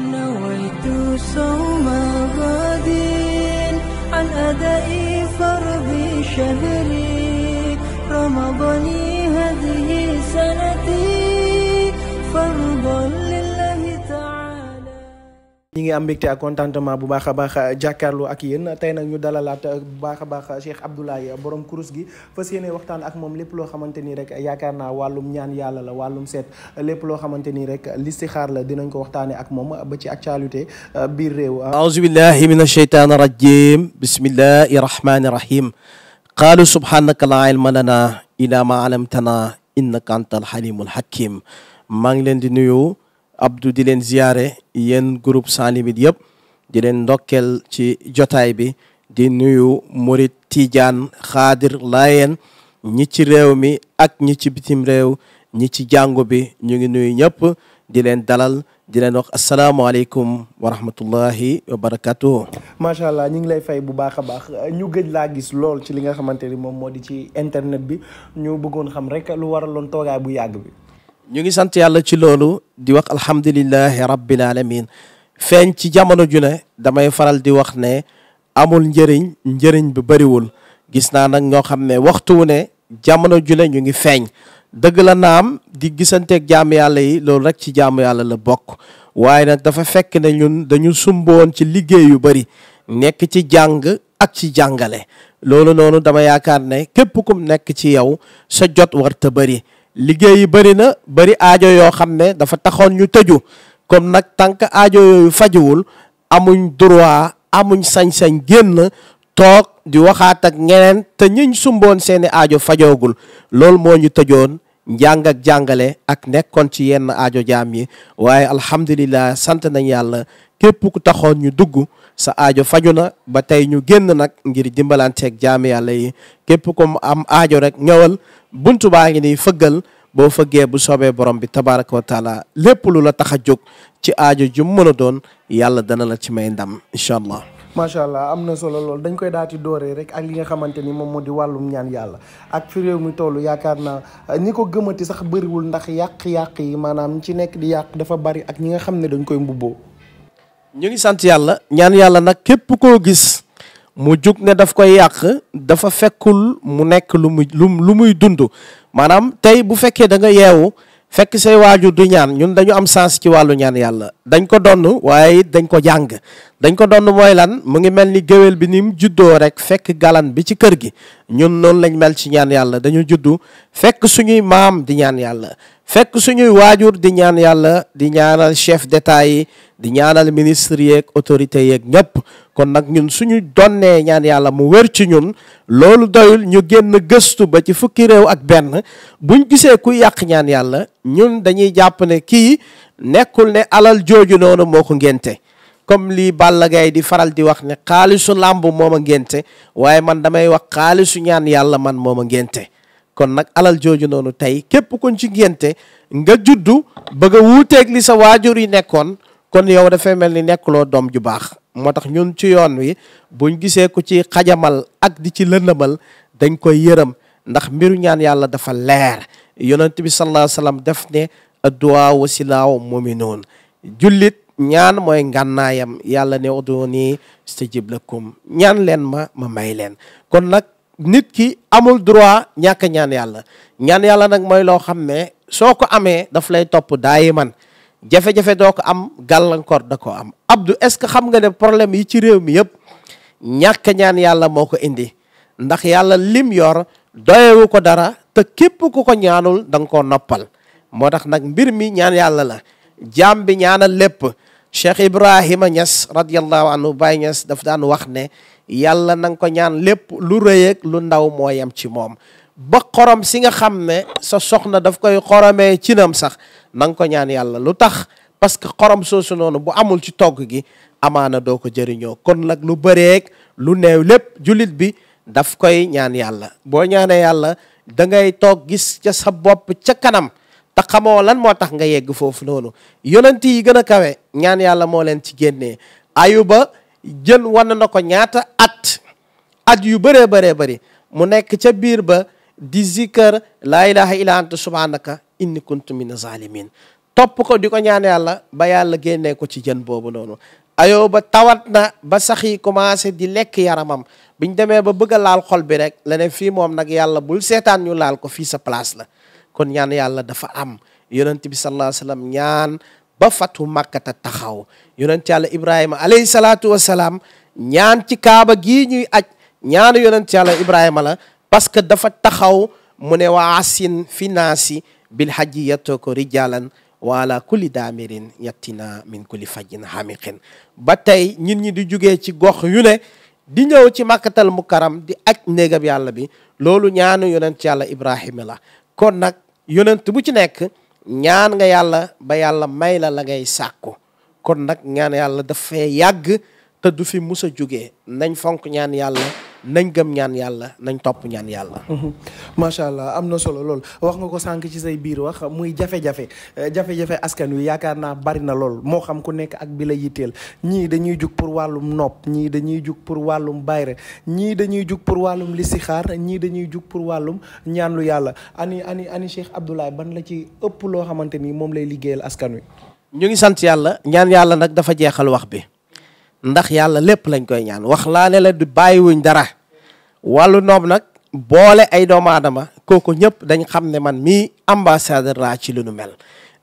نويت صوم غد عن أداء فرض شهري رمضان هذه سنتي ñi ngi am mbégte ak contentement bu baax a baax euh, jàkkaarloo ak yéen tey nag ñu dalalaat euh, bu baax a baax euh, Cheikh Abdoulaye borom kurus gi fas yéene waxtaan ak moom lépp loo xamante nii rek yaakaar naa wàllum ñaan yàlla la wàllum seet lépp loo xamante nii rek listixaar la dinañ ko waxtaane ak moom ba ci actualité biir réew aouzu ah. billahi min asheytaani rajim bismillahi rahmani rahim qaalu subhanaka laa ilma lana ila ma alamtana innaka anta alxalimul hakim maa ngi leen di nuyu Abdou di leen ziyaare yenn groupe Sans Limites yëpp di leen ndokkeel ci jotaay bi di nuyu murit tijaan xaadir laayeen ñi ci réew mi ak ñi ci bitim réew ñi ci jàngu bi ñu ngi nuyu ñëpp di leen dalal di leen wax asalaamaaleykum wa rahmatullahi wa barakatuh macha allah ñu ngi lay fay bu baax a baax ñu gëj laa gis lool ci li nga xamante ni moom moo di ci internet bi ñu bëggoon xam rek lu waraloon toogaay bu yàgg bi ñu ngi sant yàlla ci loolu di wax alhamdulillahi rabbil alamin feeñ ci jamono ju ne damay faral di wax ne amul njëriñ njëriñ bi bëriwul gis naa nag ñoo xam ne waxtu wu ne jamono ju ne ñu ngi feeñ dëgg la naam di gisanteek jaamu yàlla yi loolu rek ci jaamu yàlla la bokk waaye nag dafa fekk ne ñun dañu sumboon ci liggéey yu bëri nekk ci jàng ak ci jàngale loolu noonu dama yaakaar ne képp kum nekk ci yow sa jot war ta liggéey yi bëri na bëri aajo yoo xam ne dafa taxoon ñu tëju kon nag tant que aajo yooyu fajuwul amuñ droit amuñ sañ-sañ génn toog di waxaat ak ñeneen te ñiñ sumboon seeni aajo fajoogul loolu moo ñu tëjoon njàng ak jàngale ak nekkoon ci yenn ajo jaam yi waaye alhamdulillah sant nañ yàlla képp ku taxoon ñu dugg sa aajo faju na ba tey ñu génn nag ngir dimbalanteeg jaam yàlla yi képp ko mu am aajo rek ñëwal bunt baa ngi nii fëggal boo fëggee bu soobee borom bi tabaraka wa lépp lu la tax a jóg ci aajo ju mën doon yàlla dana la ci may ndam incha allah macha allah am na solo lool dañ koy daati dooree rek ak li nga xamante ni moom moo di wàllum ñaan yàlla ak fi réew mi toll yaakaar naa ñi ko gëmati sax bëriwul ndax yàq-yàq yi maanaam ñi ci nekk di yàq dafa bari ak ñi nga xam ne dañ koy mbubboo ñu ngi sant yàlla ñaan yàlla nag képp koo gis mu jug ne daf koy yàq dafa fekkul mu nekk lu muy lu muy dund maanaam tey bu fekkee da nga yeewu fekk say waajur du ñaan ñun dañu am sens ci wàllu ñaan yàlla dañ ko donn waaye it dañ ko jàng dañ ko donn mooy lan mu ngi mel ni géwél bi ni juddoo rek fekk galan bi ci kër gi ñun noonu lañ mel ci ñaan yàlla dañu juddu fekk suñuy maam di ñaan yàlla fekk suñuy waajur di ñaan yàlla di ñaanal chef d'état yi di ñaanal ministre yeeg autorités yeeg ñëpp kon nag ñun suñu donnee ñaan yàlla mu wér ci ñun loolu doyul ñu génn gëstu ba ci fukki réew ak benn buñ gisee ku yàq ñaan yàlla ñun dañuy jàpp ne kii nekkul ne alal jooju noonu moo ko ngénte comme lii Balla Gaye di faral di wax ne xaalisu làmb moom a ngénte waaye man damay wax xaalisu ñaan yàlla man moom ngénte kon nag alal jooju noonu tey képp kuñ ci ngénte nga juddu bëgg a wuuteeg li sa waajur yi nekkoon kon yow dafay mel ni nekkuloo doom ju baax moo tax ñun ci yoon wi buñ gisee ko ci xajamal ak di ci lëndëmal dañ koy yërëm ndax mbiru ñaan yàlla dafa leer yonent bi sallallahu alayhi wasallam def ne adduwaa wasilaaw muminuun jullit ñaan mooy ngànnaayam yàlla ne uduni stajib lakum ñaan leen ma ma may leen kon nag nit ki amul droit ñàkk ñaan yàlla ñaan yàlla nag mooy loo xam ne soo ko amee daf lay topp daayi man jafe-jafe doo ko am gàllankoor da ko am Abdou est-ce que xam nga ne problème yi ci réew mi yëpp ñàkk ñaan yàlla moo ko indi ndax yàlla lim yor doyewu ko dara te képp ko ko ñaanul da ko noppal moo tax nag mbir mi ñaan yàlla la jaam bi ñaana lépp Cheikh Ibrahima Niass radiallahu anhu Baye Niass daf daan wax ne yàlla na ko ñaan lépp lu rëy lu ndaw moo yem ci moom ba xorom si nga xam ne sa soxna daf koy xoromee cinam sax na ko ñaan yàlla lu tax parce que xorom soosu noonu bu amul ci togg gi amaana doo ko jëriñoo kon nag lu bëreeg lu neew lépp jullit bi daf koy ñaan yàlla boo ñaanee yàlla da ngay toog gis ca sa bopp ca kanam te xamoo lan moo tax nga yegg foofu noonu yonent yi gën kawe ñaan yàlla moo leen ci génnee ayuba jën wan na ko ñaata at at yu bëree bëree bëri mu nekk ca biir ba di zikkër laa ilaha illa anta subhanaka inni kuntu min zalimin topp ko di ko ñaan yàlla ba yàlla génnee ko ci jën boobu noonu ayoo ba tawat na ba sax yi commencé di lekk yaramam biñ demee ba bëgg laal xol bi rek la ne fii moom nag yàlla bul seetaan ñu laal ko fii sa place la kon ñaan yàlla dafa am yonent bi sallallahu alayhi ñaan ba fatu màkkata taxaw yonent yàlla ibrahima alayhi salaatu salaam ñaan ci kaaba gii ñuy aj ñaanu yonent yàlla ibrahima la parce que dafa taxaw mu ne wa asin fi naasi bil hajji yettoo ko rijalan wala kulli daamirin yettina min kulli fajjin xamiqin ba tey nit ñi di jugee ci gox yu ne di ñëw ci mu karam di aj néegam yàlla bi loolu ñaanu yonent yàlla ibrahima la kon nag yonent bu ci nekk ñaan nga yàlla ba yàlla may la la ngay sàkku kon nag ñaan yàlla daf fee yàgg te du fi mus jóge nañ fonk ñaan yàlla nañ gëm ñaan yàlla nañ topp ñaan yàlla. Mhm. macha allah am na solo lool wax nga ko sànq ci say biir wax muy jafe-jafe eh, jafe askan wi yaakaar naa bari na lool moo xam ku nekk ak bi la yitteel ñii dañuy jug pour wàllum nopp ñii dañuy jug pour wàllum bayre ñii dañuy jug pour wàllum listixaar ñii dañuy jug pour wàllum ñaan lu yàlla ani ani ani Cheikh Abdoulaye ban la ci ëpp loo xamante ni moom lay liggéeyal askan wi. ñu ngi sant yàlla ñaan yàlla nag dafa jeexal wax bi. ndax yàlla lépp lañ koy ñaan wax laa ne la du bàyyiwuñ dara wàllu noob nag boole ay doomu aadama kooku ñëpp dañ xam ne man mii ambassadeur laa ci lu nu mel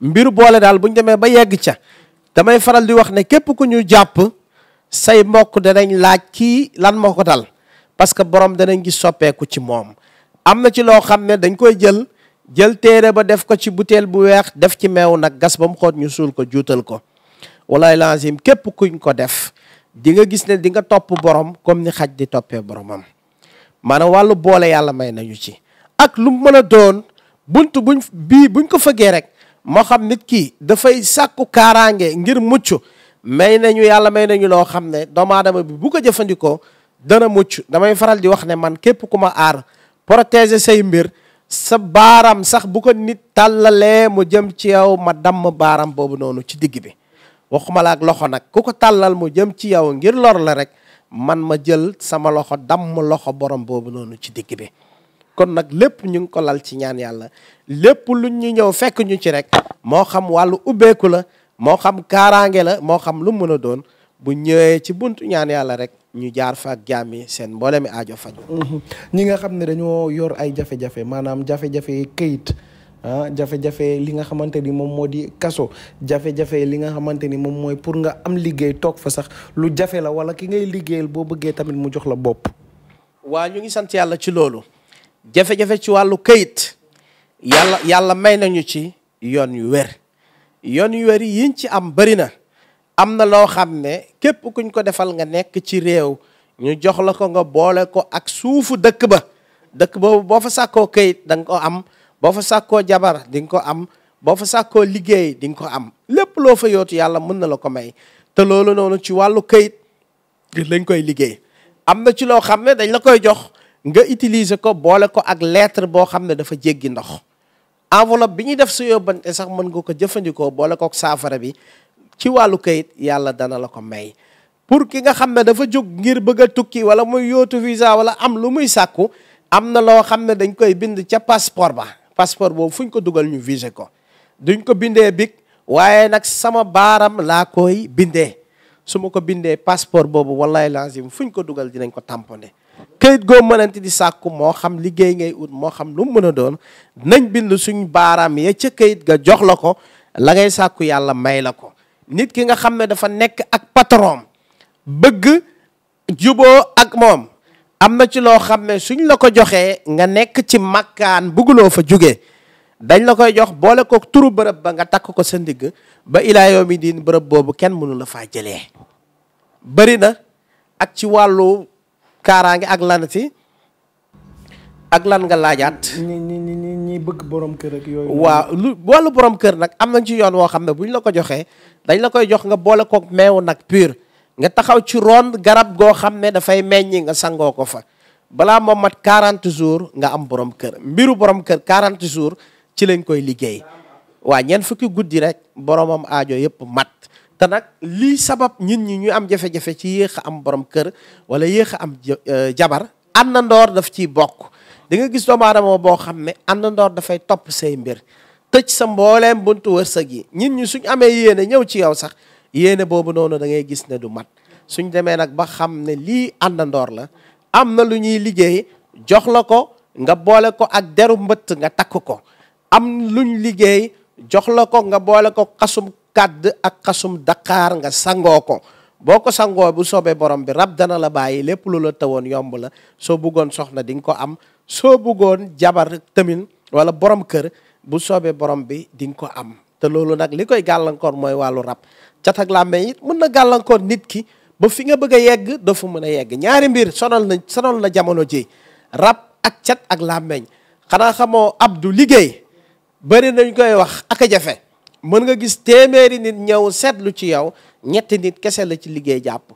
mbir boole daal bu buñ demee ba yegg ca damay faral di wax ne képp ku ñu jàpp say mbokk danañ laaj kii lan moo ko dal parce que borom danañ gis soppeeku ci moom am na ci loo xam ne dañ koy jël jël téere ba def ko ci butéel bu weex def ci meew nag gas ba mu xoot ñu suul ko juutal ko walaay lazim képp kuñ ko def di nga gis ne di nga topp borom comme ni xaj di toppee boromam maanaam wàllu boole yàlla may nañu ci ak lu mën a doon bunt buñ bii buñ ko fëggee rek moo xam nit kii dafay sàkku kaaraange ngir mucc may nañu yàlla may nañu loo xam ne doomu aadama bi bu ko jëfandikoo dana mucc damay faral di wax ne man képp ku ma aar protéger say mbir sa baaram sax bu ko nit tàllalee mu jëm ci yow ma damm baaram boobu noonu ci digg bi waxuma la loxo nag ku ko tàllal mu jëm ci yow ngir lor la rek man ma jël sama loxo damm loxo borom boobu noonu ci digg bi kon nag lépp ñu ngi ko lal ci ñaan yàlla lépp lu ñu ñëw fekk ñu ci rek moo xam wàllu ubbeeku la moo xam kaaraange la moo xam lu mën a doon bu ñëwee ci buntu ñaan yàlla rek ñu jaar fa ak jaam yi seen mboolemi aajo faju ñi nga xam ne dañoo yor ay jafe-jafe maanaam jafe-jafe këyit ah jafe-jafe li nga xamante ni moom moo di kaso jafe-jafe li nga xamante ni moom mooy pour nga am liggéey toog fa sax lu jafe la wala ki ngay liggéeyal boo bëggee tamit mu jox la bopp. waa ñu ngi sant yàlla ci loolu jafe-jafe ci wàllu kayit yàlla yàlla may nañu ci yoon yu wér yoon yu wér yiñ ci am bëri na am na loo xam ne képp kuñ ko defal nga nekk ci réew ñu jox la ko nga boole ko ak suufu dëkk ba dëkk boobu boo fa sàkkoo kayit da nga ko am. boo fa sàkkoo jabar di nga ko am boo fa sàkkoo liggéey di nga ko am lépp loo fa yootu yàlla mën na la ko may te loolu noonu ci wàllu kayit lañ koy liggéey am na ci loo xam ne dañ la koy jox nga utiliser ko boole ko ak lettre boo xam ne dafa jéggi ndox enveloppe bi ñuy def sa yóbbante sax mën nga ko jëfandikoo boole ko ak saafara bi ci wàllu kayit yàlla dana la ko may pour ki nga xam ne dafa jóg ngir bëgg a tukki wala muy yootu visa wala am lu muy sàkku am na loo xam ne dañ koy bind ca passeport ba passeport boobu fu ñu ko dugal ñu visé ko duñ ko bindee bic waaye nag sama baaram laa koy bindee su ma ko bindee passeport boobu wallahi lazim fu ñu ko dugal dinañ ko tamponné këyit goo mënanti di sàkku moo xam liggéey ngay ut moo xam lu mu mën a doon nañ bind suñ baaraam ya ca këyit ga jox la ko la ngay sàkku yàlla may la ko nit ki nga xam ne dafa nekk ak patron bëgg juboo ak moom am na ci loo xam ne suñ la ko joxee nga nekk ci makkaan bugguloo fa jóge dañ la koy jox boole kook turu bërëb ba nga takk ko sa ndigg ba ilaa mi diin bërëb boobu kenn mënu la faa jëlee bëri na ak ci wàllu kaaraangi ak lanati ak lan nga laajaat. ñi ñi ñi ñi bëgg borom kër ak yooyu. waaw lu wàllu borom kër nag am nañ ci yoon woo xam ne buñ la ko joxee dañ la koy jox nga boole koog meew nag pur nga taxaw ci ron garab goo xam ne dafay meññi nga sangoo ko fa balaa moom mat 40 jours nga am borom kër mbiru borom kër quarante jours ci lañ koy liggéey waa ñeent fukki guddi rek boromam aajoo yëpp mat te nag lii sabab nit ñi ñu am jafe-jafe ci yéex a am borom kër wala yéex a am euh, jabar àndandoor daf ciy bokk da nga gis doomu aadama boo xam ne àndandoor dafay topp say mbir tëj sa mbooleem buntu wërsëg yi nit ñi suñ amee yéene ñëw ci yow sax yéene boobu noonu da ngay gis ne du mat suñ demee nag ba xam ne lii àndandoor la am na lu ñuy liggéey jox la ko nga boole ko ak deru mbëtt nga takk ko am luñ liggéey jox la ko nga boole ko xasum kàdd ak xasum daqaar nga sangoo ko boo ko sangoo bu soobee borom bi rab dana la bàyyi lépp lu la tawoon yomb la soo buggoon soxna di nga ko am soo bëggoon jabar tamin wala borom kër bu soobee borom bi di nga ko am te loolu nag li koy gàllankoor mooy wàllu rab cat ak làmmeñ it mën na gàllankoor nit ki ba fi nga bëgg a yegg dafa mën a yegg ñaari mbir sonal na sonal na jamono ji rab ak cat ak làmmeñ xanaa xamoo abdu liggéey bëri nañ koy wax ak a jafe mën nga gis téeméeri nit ñëw seetlu ci yow ñetti nit kese la ci liggéey jàpp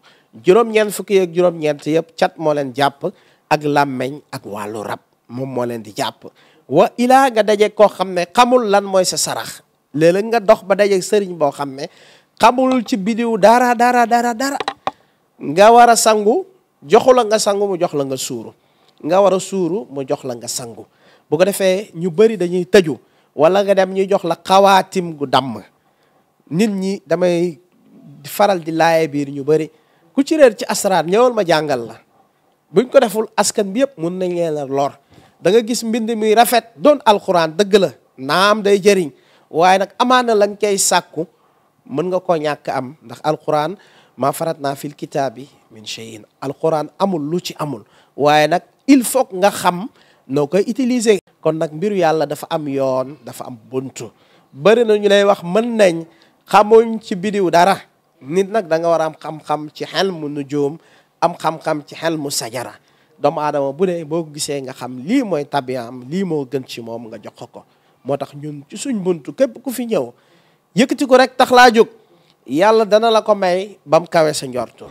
juróom-ñeent fukki ak juróom-ñeent yëpp cat moo leen jàpp ak làmmeñ ak wàllu rab moom moo leen di jàpp wa ilaa nga daje koo xam ne xamul lan mooy sa sarax léeg nga dox ba daje sëriñ boo xam xamul ci bidiw dara dara dara dara nga war a sangu joxu nga sangu mu jox la nga suuru nga war a suuru mu jox la nga sangu bu ko defee ñu bari dañuy tëju wala nga dem ñuy jox la xawaatim gu damm nit ñi damay faral di laaye biir ñu bari ku ci réer ci asraar ñëwal ma jàngal la buñ ko deful askan bi yëpp mun nañ leen lor da nga gis mbind mi rafet doon alxuraan dëgg la naam day jëriñ waaye nag amaana lañ koy sàkku mën nga koo ñàkk am ndax alquran ma farat naa fil kitaabi min cheyin alquran amul lu ci amul waaye nag il faut nga xam noo koy utilise kon nag mbiru yàlla dafa am yoon dafa am buntu bëri na ñu lay wax mën nañ xamuñ ci bidiw dara nit nag da nga war a am xam ci xel mu nujuum am xam-xam ci xel mu sajara doomu aadama bu dee boo gisee nga xam lii mooy tabiam lii moo gën ci moom nga jox ko ko moo tax ñun ci suñ buntu képp ku fi ñëw yëkkati ko rek tax laa jóg yàlla dana la ko may ba mu kawe sa njortu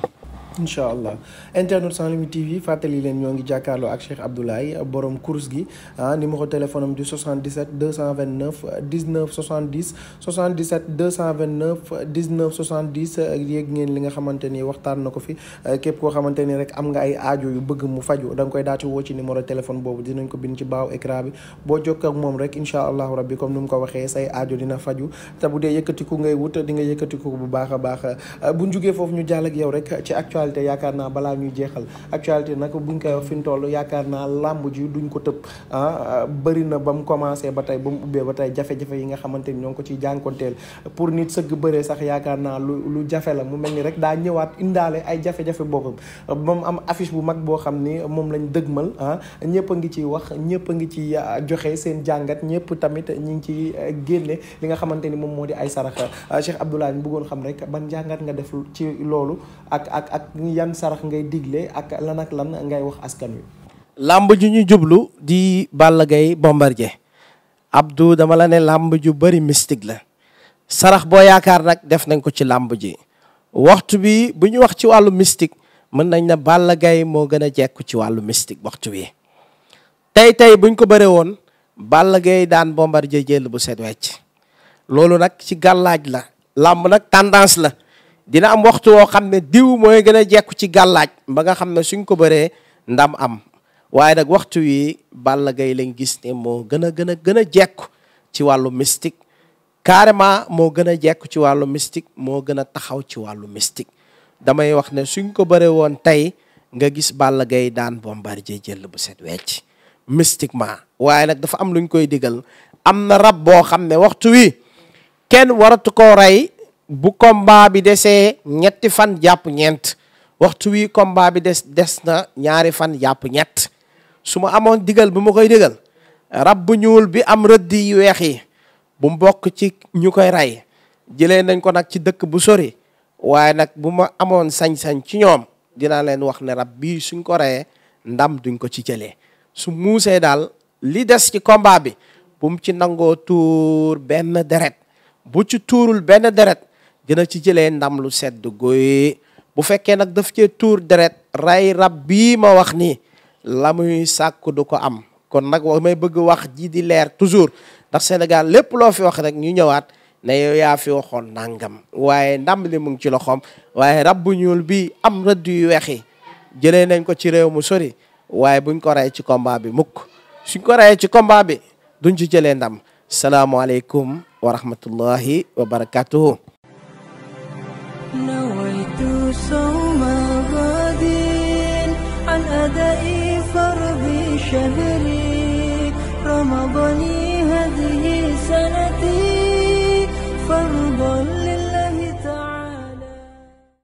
incha allah internet sans limite tv fàttali leen ñoo ngi jàkkaarloo ak Cheikh Abdoulaye borom course gi ah numéro téléphone am di 77 229 19 70 77 229 19 70 yéeg ngeen li nga xamante ni waxtaan na ko fi képp koo xamante ni rek am nga ay aajo yu bëgg mu faju da koy daati woo ci numéro téléphone boobu dinañ ko bind ci baaw écran bi boo jokk ak moom rek incha allahu rabbi comme ni mu ko waxee say aajo dina faju te bu dee yëkkatiku ngay wut di nga yëkkatiku bu baax a baax ah, bu ñu jugee foofu ñu jàll ak yow rek ci actualité actualité yaakaar naa balaa ñuy jeexal actualité nag buñ koy wax fi toll yaakaar naa làmb ji duñ ko tëb ah bëri na ba mu commencé ba tey ba mu ubbee ba tey jafe-jafe yi nga xamante ni ñoo ngi ko ciy jànkonteel pour nit sëgg bëree sax yaakaar naa lu lu jafe la mu mel ni rek daa ñëwaat indaale ay jafe-jafe moom am affiche bu mag boo xam ni moom lañ dëgmal ah ñëpp ngi ciy wax ñëpp a ngi ci ah, joxe seen jàngat ñëpp tamit ñi ngi ci eh, génne li nga xamante ni moom moo di ay saraxa ah, Cheikh Abdoulaye ñu bëggoon xam rek ban jàngat nga def ci loolu ak ak ak yan sarax ngay digle ak lan lan ngay wax askan wi. làmb ju ñu jublu di Balla Gaye Bombardier Abdou dama la ne làmb ju bari mystique la sarax boo yaakaar nag def nañ ko ci làmb ji waxtu bi bu ñu wax ci wàllu mystique mën nañ ne Balla Gaye moo gën a jekku ci wàllu mystique waxtu wi tey tey buñ ko bëree woon gay Gaye daan Bombardier jël bu set wecc loolu nag ci gàllaaj la làmb nag tendance la dina am waxtu woo xam ne diw mooy gën a jekku ci gàllaaj ba nga xam ne suñ ko bëree ndam am waaye nag waxtu wi Balla Gaye lañ gis ne moo gën a gën a gën a jekku ci wàllu mystique carrément moo gën a jekku ci wàllu mystique moo gën a taxaw ci wàllu mystique damay wax ne suñ ko bëree woon tey nga gis Balla Gaye daan Bombardier jël bu set wecc mystiquement waaye nag dafa am luñ koy digal am na rab boo xam ne waxtu wi kenn waratu koo rey bu combat bi desee ñetti fan jàpp ñeent waxtu wi combat bi des des na ñaari fan jàpp ñett su ma amoon digal bu ma koy digal rab bu ñuul bi am rëdd yu weex yi bu mbokk ci ñu koy rey jëlee nañ ko nag ci dëkk bu sori waaye nag bu ma amoon sañ-sañ ci ñoom dinaa leen wax ne rab bii suñ ko reyee ndam duñ ko ci jëlee su muusee daal li des ci combat bi bu ci nangoo tuur benn deret bu ci tuurul benn deret dina ci jëlee ndam lu sedd guy bu fekkee nag daf cee tuur deret ray rab bii ma wax ni la muy sàkk du ko am kon nag may bëgg wax ji di leer toujours ndax senegal lépp loo fi wax rek ñu ñëwaat ne yaa fi waxoon nangam waaye ndam li mu ngi ci loxoom waaye rab bu ñuul bi am rëdd yu weex yi jëlee nañ ko ci réew mu sori waaye buñ ko rey ci combat bi mukk suñ ko ci combat bi duñ ci jëlee ndam salaamaaleykum wa rahmatullahi wa barakatuhu نويت صوم غد عن أداء فرض شهري رمضان هذه سنتي